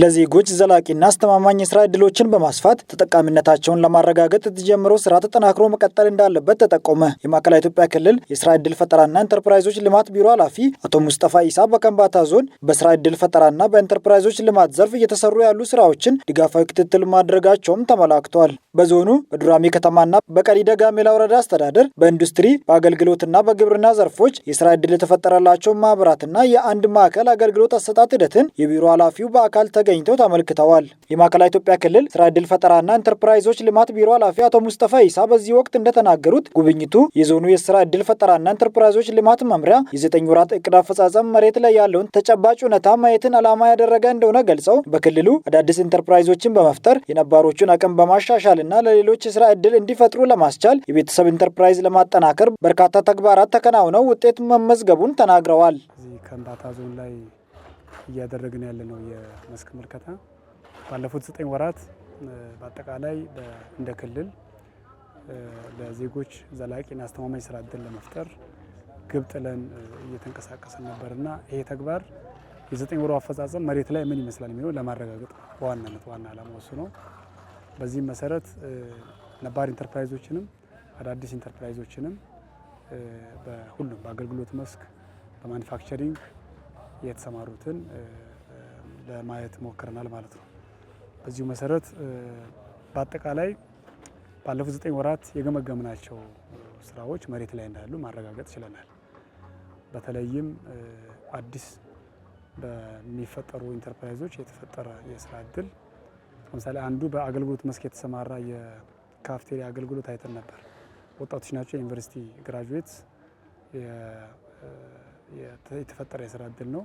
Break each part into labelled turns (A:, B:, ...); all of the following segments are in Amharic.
A: ለዜጎች ዘላቂና አስተማማኝ የስራ ዕድሎችን በማስፋት ተጠቃሚነታቸውን ለማረጋገጥ የተጀመረው ስራ ተጠናክሮ መቀጠል እንዳለበት ተጠቆመ። የማዕከላዊ ኢትዮጵያ ክልል የስራ ዕድል ፈጠራና ኢንተርፕራይዞች ልማት ቢሮ ኃላፊ አቶ ሙስጠፋ ኢሳ በከምባታ ዞን በስራ ዕድል ፈጠራና በኢንተርፕራይዞች ልማት ዘርፍ እየተሰሩ ያሉ ስራዎችን ድጋፋዊ ክትትል ማድረጋቸውም ተመላክቷል። በዞኑ በዱራሜ ከተማና በቀሪ ደጋሜላ ወረዳ አስተዳደር በኢንዱስትሪ በአገልግሎትና በግብርና ዘርፎች የስራ ዕድል የተፈጠረላቸው ማህበራትና የአንድ ማዕከል አገልግሎት አሰጣጥ ሂደትን የቢሮ ኃላፊው በአካል ተገኝተው ተመልክተዋል። የማዕከላዊ ኢትዮጵያ ክልል ስራ ዕድል ፈጠራና ኢንተርፕራይዞች ልማት ቢሮ ኃላፊ አቶ ሙስጠፋ ኢሳ በዚህ ወቅት እንደተናገሩት ጉብኝቱ የዞኑ የስራ ዕድል ፈጠራና ኢንተርፕራይዞች ልማት መምሪያ የዘጠኝ ወራት እቅድ አፈጻጸም መሬት ላይ ያለውን ተጨባጭ እውነታ ማየትን ዓላማ ያደረገ እንደሆነ ገልጸው በክልሉ አዳዲስ ኢንተርፕራይዞችን በመፍጠር የነባሮቹን አቅም በማሻሻልና ለሌሎች የስራ ዕድል እንዲፈጥሩ ለማስቻል የቤተሰብ ኢንተርፕራይዝ ለማጠናከር በርካታ ተግባራት ተከናውነው ውጤት መመዝገቡን ተናግረዋል።
B: ከንዳታ ዞን ላይ እያደረግን ያለ ነው የመስክ ምልከታ። ባለፉት ዘጠኝ ወራት በአጠቃላይ እንደ ክልል ለዜጎች ዘላቂና አስተማማኝ ስራ እድል ለመፍጠር ግብ ጥለን እየተንቀሳቀስን ነበርና ይሄ ተግባር የዘጠኝ ወሩ አፈጻጸም መሬት ላይ ምን ይመስላል የሚለው ለማረጋገጥ በዋናነት ዋና ዓላማ ወሱ ነው። በዚህም መሰረት ነባር ኢንተርፕራይዞችንም አዳዲስ ኢንተርፕራይዞችንም በሁሉም በአገልግሎት መስክ በማኒፋክቸሪንግ የተሰማሩትን ለማየት ሞክረናል ማለት ነው። በዚሁ መሰረት በአጠቃላይ ባለፉት ዘጠኝ ወራት የገመገምናቸው ስራዎች መሬት ላይ እንዳሉ ማረጋገጥ ችለናል። በተለይም አዲስ በሚፈጠሩ ኢንተርፕራይዞች የተፈጠረ የስራ እድል ለምሳሌ አንዱ በአገልግሎት መስክ የተሰማራ የካፍቴሪያ አገልግሎት አይተን ነበር። ወጣቶች ናቸው፣ ዩኒቨርሲቲ ግራጁዌት የተፈጠረ የስራ እድል ነው።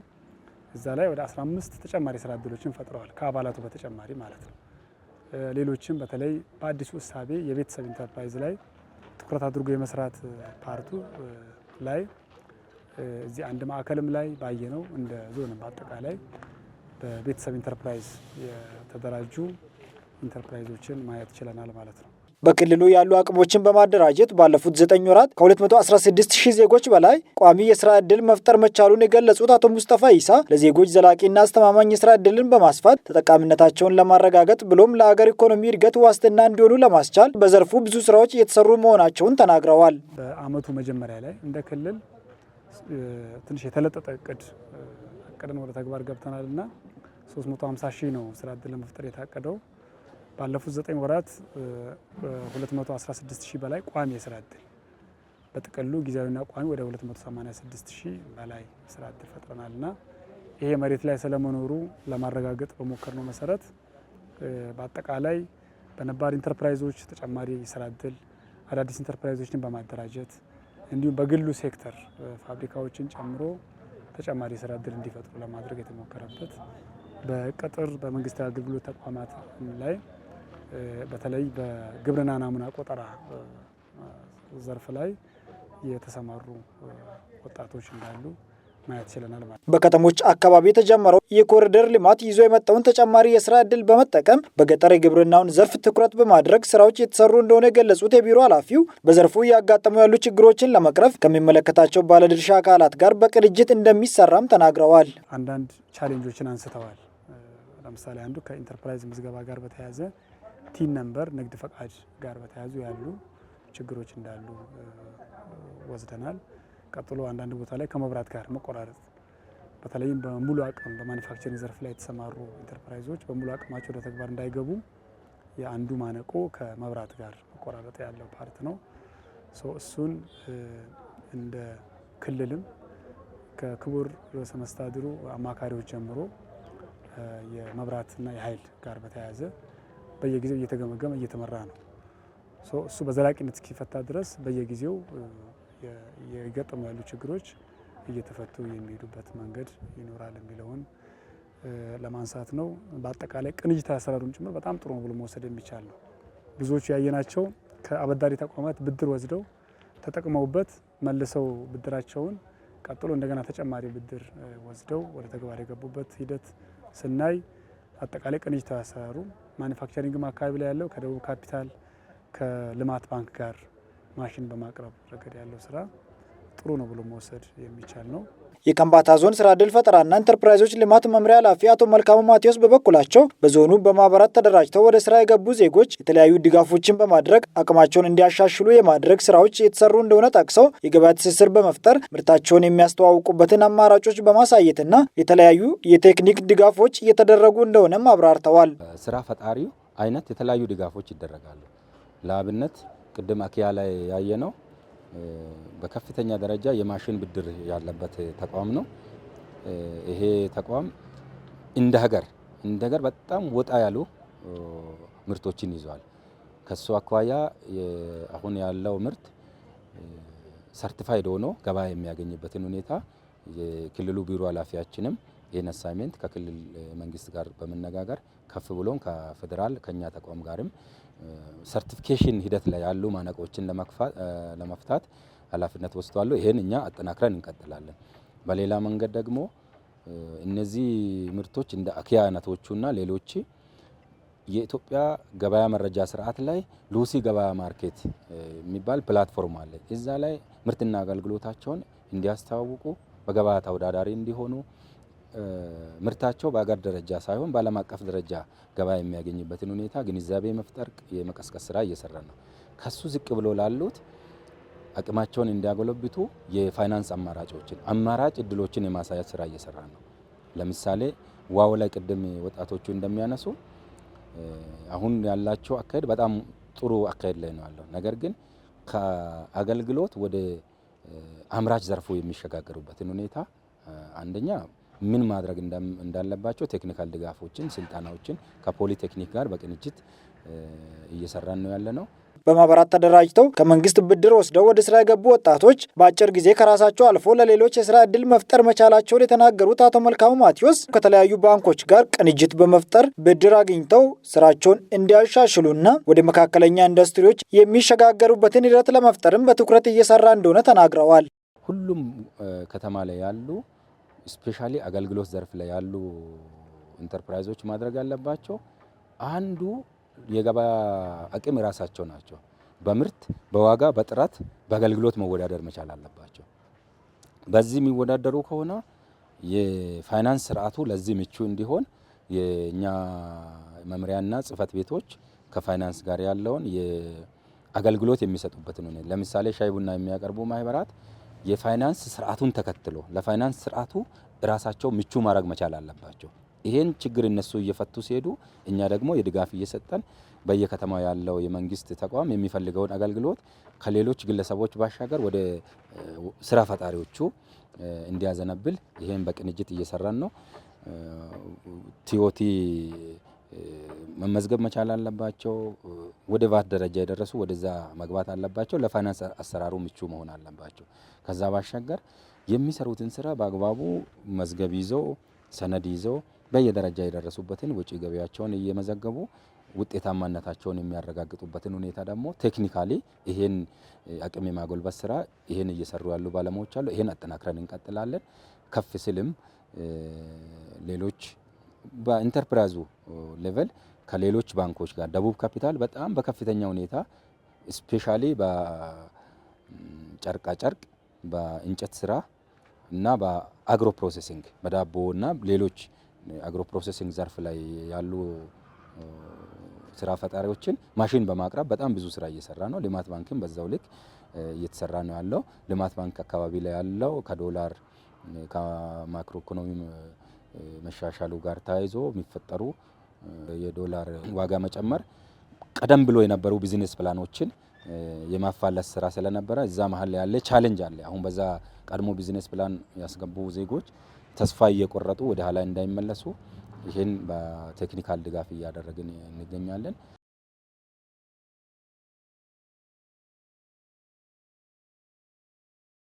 B: እዛ ላይ ወደ 15 ተጨማሪ የስራ እድሎችን ፈጥረዋል፣ ከአባላቱ በተጨማሪ ማለት ነው። ሌሎችም በተለይ በአዲሱ እሳቤ የቤተሰብ ኢንተርፕራይዝ ላይ ትኩረት አድርጎ የመስራት ፓርቱ ላይ እዚህ አንድ ማዕከልም ላይ ባየነው እንደ ዞንም በአጠቃላይ በቤተሰብ ኢንተርፕራይዝ የተደራጁ ኢንተርፕራይዞችን ማየት ችለናል ማለት ነው።
A: በክልሉ ያሉ አቅሞችን በማደራጀት ባለፉት ዘጠኝ ወራት ከ216 ሺህ ዜጎች በላይ ቋሚ የስራ ዕድል መፍጠር መቻሉን የገለጹት አቶ ሙስጠፋ ይሳ ለዜጎች ዘላቂና አስተማማኝ የስራ ዕድልን በማስፋት ተጠቃሚነታቸውን ለማረጋገጥ ብሎም ለአገር ኢኮኖሚ እድገት ዋስትና እንዲሆኑ ለማስቻል በዘርፉ ብዙ ስራዎች እየተሰሩ መሆናቸውን ተናግረዋል።
B: በአመቱ መጀመሪያ ላይ እንደ ክልል ትንሽ የተለጠጠ እቅድ አቅደን ወደ ተግባር ገብተናል እና 350 ሺህ ነው ስራ ዕድል ለመፍጠር የታቀደው። ባለፉት ዘጠኝ ወራት በ216 ሺህ በላይ ቋሚ የስራ እድል በጥቅሉ ጊዜያዊና ቋሚ ወደ 286 ሺህ በላይ ስራ እድል ፈጥረናልና ይሄ መሬት ላይ ስለመኖሩ ለማረጋገጥ በሞከርነው መሰረት በአጠቃላይ በነባር ኢንተርፕራይዞች ተጨማሪ የስራ እድል አዳዲስ ኢንተርፕራይዞችን በማደራጀት እንዲሁም በግሉ ሴክተር ፋብሪካዎችን ጨምሮ ተጨማሪ የስራ እድል እንዲፈጥሩ ለማድረግ የተሞከረበት በቅጥር በመንግስታዊ አገልግሎት ተቋማት ላይ በተለይ በግብርና ናሙና ቆጠራ ዘርፍ ላይ የተሰማሩ ወጣቶች እንዳሉ ማየት ችለናል ማለት
A: በከተሞች አካባቢ የተጀመረው የኮሪደር ልማት ይዞ የመጣውን ተጨማሪ የስራ እድል በመጠቀም በገጠር የግብርናውን ዘርፍ ትኩረት በማድረግ ስራዎች የተሰሩ እንደሆነ የገለጹት የቢሮ ኃላፊው በዘርፉ እያጋጠሙ ያሉ ችግሮችን ለመቅረፍ ከሚመለከታቸው ባለድርሻ አካላት ጋር በቅንጅት እንደሚሰራም ተናግረዋል።
B: አንዳንድ ቻሌንጆችን አንስተዋል። ለምሳሌ አንዱ ከኢንተርፕራይዝ ምዝገባ ጋር በተያያዘ ቲን ነምበር ንግድ ፈቃድ ጋር በተያያዙ ያሉ ችግሮች እንዳሉ ወስደናል። ቀጥሎ አንዳንድ ቦታ ላይ ከመብራት ጋር መቆራረጥ በተለይም በሙሉ አቅም በማኒፋክቸሪንግ ዘርፍ ላይ የተሰማሩ ኢንተርፕራይዞች በሙሉ አቅማቸው ወደ ተግባር እንዳይገቡ የአንዱ ማነቆ ከመብራት ጋር መቆራረጥ ያለው ፓርት ነው። እሱን እንደ ክልልም ከክቡር ርዕሰ መስተዳድሩ አማካሪዎች ጀምሮ የመብራትና የኃይል ጋር በተያያዘ በየጊዜው እየተገመገመ እየተመራ ነው። እሱ በዘላቂነት እስኪፈታ ድረስ በየጊዜው የገጠሙ ያሉ ችግሮች እየተፈቱ የሚሄዱበት መንገድ ይኖራል የሚለውን ለማንሳት ነው። በአጠቃላይ ቅንጅታዊ አሰራሩን ጭምር በጣም ጥሩ ነው ብሎ መውሰድ የሚቻል ነው። ብዙዎቹ ያየናቸው ከአበዳሪ ተቋማት ብድር ወስደው ተጠቅመውበት መልሰው ብድራቸውን ቀጥሎ እንደገና ተጨማሪ ብድር ወስደው ወደ ተግባር የገቡበት ሂደት ስናይ አጠቃላይ ቅንጅታዊ አሰራሩ ማኒፋክቸሪንግም አካባቢ ላይ ያለው ከደቡብ ካፒታል ከልማት ባንክ ጋር ማሽን በማቅረብ ረገድ ያለው ስራ ጥሩ ነው ብሎ መውሰድ የሚቻል ነው።
A: የከምባታ ዞን ስራ ዕድል ፈጠራና ኢንተርፕራይዞች ልማት መምሪያ ኃላፊ አቶ መልካሙ ማቴዎስ በበኩላቸው በዞኑ በማህበራት ተደራጅተው ወደ ስራ የገቡ ዜጎች የተለያዩ ድጋፎችን በማድረግ አቅማቸውን እንዲያሻሽሉ የማድረግ ስራዎች የተሰሩ እንደሆነ ጠቅሰው የገበያ ትስስር በመፍጠር ምርታቸውን የሚያስተዋውቁበትን አማራጮች በማሳየትና የተለያዩ የቴክኒክ ድጋፎች እየተደረጉ እንደሆነም አብራርተዋል።
B: ስራ ፈጣሪው አይነት የተለያዩ ድጋፎች ይደረጋሉ። ለአብነት ቅድም አኪያ ላይ ያየነው በከፍተኛ ደረጃ የማሽን ብድር ያለበት ተቋም ነው። ይሄ ተቋም እንደ ሀገር እንደ ሀገር በጣም ወጣ ያሉ ምርቶችን ይዟል። ከሱ አኳያ አሁን ያለው ምርት ሰርቲፋይድ ሆኖ ገበያ የሚያገኝበትን ሁኔታ የክልሉ ቢሮ ኃላፊያችንም ይህን አሳይሜንት ከክልል መንግስት ጋር በመነጋገር ከፍ ብሎም ከፌዴራል ከኛ ተቋም ጋርም ሰርቲፊኬሽን ሂደት ላይ ያሉ ማነቆችን ለመፍታት ኃላፊነት ወስዷል። ይህን እኛ አጠናክረን እንቀጥላለን። በሌላ መንገድ ደግሞ እነዚህ ምርቶች እንደ አኪያ አይነቶቹና ሌሎች የኢትዮጵያ ገበያ መረጃ ስርዓት ላይ ሉሲ ገበያ ማርኬት የሚባል ፕላትፎርም አለ። እዛ ላይ ምርትና አገልግሎታቸውን እንዲያስተዋውቁ፣ በገበያ ተወዳዳሪ እንዲሆኑ ምርታቸው በአገር ደረጃ ሳይሆን በዓለም አቀፍ ደረጃ ገበያ የሚያገኝበትን ሁኔታ ግንዛቤ መፍጠር የመቀስቀስ ስራ እየሰራ ነው። ከሱ ዝቅ ብሎ ላሉት አቅማቸውን እንዲያጎለብቱ የፋይናንስ አማራጮችን አማራጭ እድሎችን የማሳየት ስራ እየሰራ ነው። ለምሳሌ ዋው ላይ ቅድም ወጣቶቹ እንደሚያነሱ አሁን ያላቸው አካሄድ በጣም ጥሩ አካሄድ ላይ ነው ያለው። ነገር ግን ከአገልግሎት ወደ አምራች ዘርፉ የሚሸጋገሩበትን ሁኔታ አንደኛ ምን ማድረግ እንዳለባቸው ቴክኒካል ድጋፎችን፣ ስልጠናዎችን ከፖሊቴክኒክ ጋር በቅንጅት እየሰራን ነው ያለ ነው።
A: በማህበራት ተደራጅተው ከመንግስት ብድር ወስደው ወደ ስራ የገቡ ወጣቶች በአጭር ጊዜ ከራሳቸው አልፎ ለሌሎች የስራ እድል መፍጠር መቻላቸውን የተናገሩት አቶ መልካሙ ማቴዎስ ከተለያዩ ባንኮች ጋር ቅንጅት በመፍጠር ብድር አግኝተው ስራቸውን እንዲያሻሽሉና ወደ መካከለኛ ኢንዱስትሪዎች የሚሸጋገሩበትን ሂደት ለመፍጠርም በትኩረት እየሰራ እንደሆነ ተናግረዋል።
B: ሁሉም ከተማ ላይ ያሉ ስፔሻሊ አገልግሎት ዘርፍ ላይ ያሉ ኢንተርፕራይዞች ማድረግ ያለባቸው አንዱ የገበያ አቅም የራሳቸው ናቸው። በምርት በዋጋ በጥራት በአገልግሎት መወዳደር መቻል አለባቸው። በዚህ የሚወዳደሩ ከሆነ የፋይናንስ ስርዓቱ ለዚህ ምቹ እንዲሆን የእኛ መምሪያና ጽህፈት ቤቶች ከፋይናንስ ጋር ያለውን አገልግሎት የሚሰጡበትን ለምሳሌ ሻይ ቡና የሚያቀርቡ ማህበራት የፋይናንስ ስርዓቱን ተከትሎ ለፋይናንስ ስርዓቱ ራሳቸው ምቹ ማድረግ መቻል አለባቸው። ይሄን ችግር እነሱ እየፈቱ ሲሄዱ እኛ ደግሞ የድጋፍ እየሰጠን በየከተማው ያለው የመንግስት ተቋም የሚፈልገውን አገልግሎት ከሌሎች ግለሰቦች ባሻገር ወደ ስራ ፈጣሪዎቹ እንዲያዘነብል ይሄን በቅንጅት እየሰራን ነው። ቲኦቲ መመዝገብ መቻል አለባቸው። ወደ ቫት ደረጃ የደረሱ ወደዛ መግባት አለባቸው። ለፋይናንስ አሰራሩ ምቹ መሆን አለባቸው። ከዛ ባሻገር የሚሰሩትን ስራ በአግባቡ መዝገብ ይዘው ሰነድ ይዘው በየደረጃ የደረሱበትን ወጪ ገቢያቸውን እየመዘገቡ ውጤታማነታቸውን የሚያረጋግጡበትን ሁኔታ ደግሞ ቴክኒካሊ ይሄን አቅም የማጎልበት ስራ ይሄን እየሰሩ ያሉ ባለሙያዎች አሉ። ይሄን አጠናክረን እንቀጥላለን። ከፍ ስልም ሌሎች በኢንተርፕራይዙ ሌቨል ከሌሎች ባንኮች ጋር ደቡብ ካፒታል በጣም በከፍተኛ ሁኔታ ስፔሻሊ በጨርቃጨርቅ፣ በእንጨት ስራ እና በአግሮ ፕሮሴሲንግ በዳቦ እና ሌሎች አግሮ ፕሮሴሲንግ ዘርፍ ላይ ያሉ ስራ ፈጣሪዎችን ማሽን በማቅረብ በጣም ብዙ ስራ እየሰራ ነው። ልማት ባንክም በዛው ልክ እየተሰራ ነው ያለው። ልማት ባንክ አካባቢ ላይ ያለው ከዶላር ከማክሮ ኢኮኖሚ መሻሻሉ ጋር ተያይዞ የሚፈጠሩ የዶላር ዋጋ መጨመር ቀደም ብሎ የነበሩ ቢዝነስ ፕላኖችን የማፋለስ ስራ ስለነበረ እዛ መሀል ያለ ቻሌንጅ አለ። አሁን በዛ ቀድሞ ቢዝነስ ፕላን ያስገቡ ዜጎች ተስፋ እየቆረጡ ወደ ኋላ እንዳይመለሱ ይህን በቴክኒካል ድጋፍ እያደረግን እንገኛለን።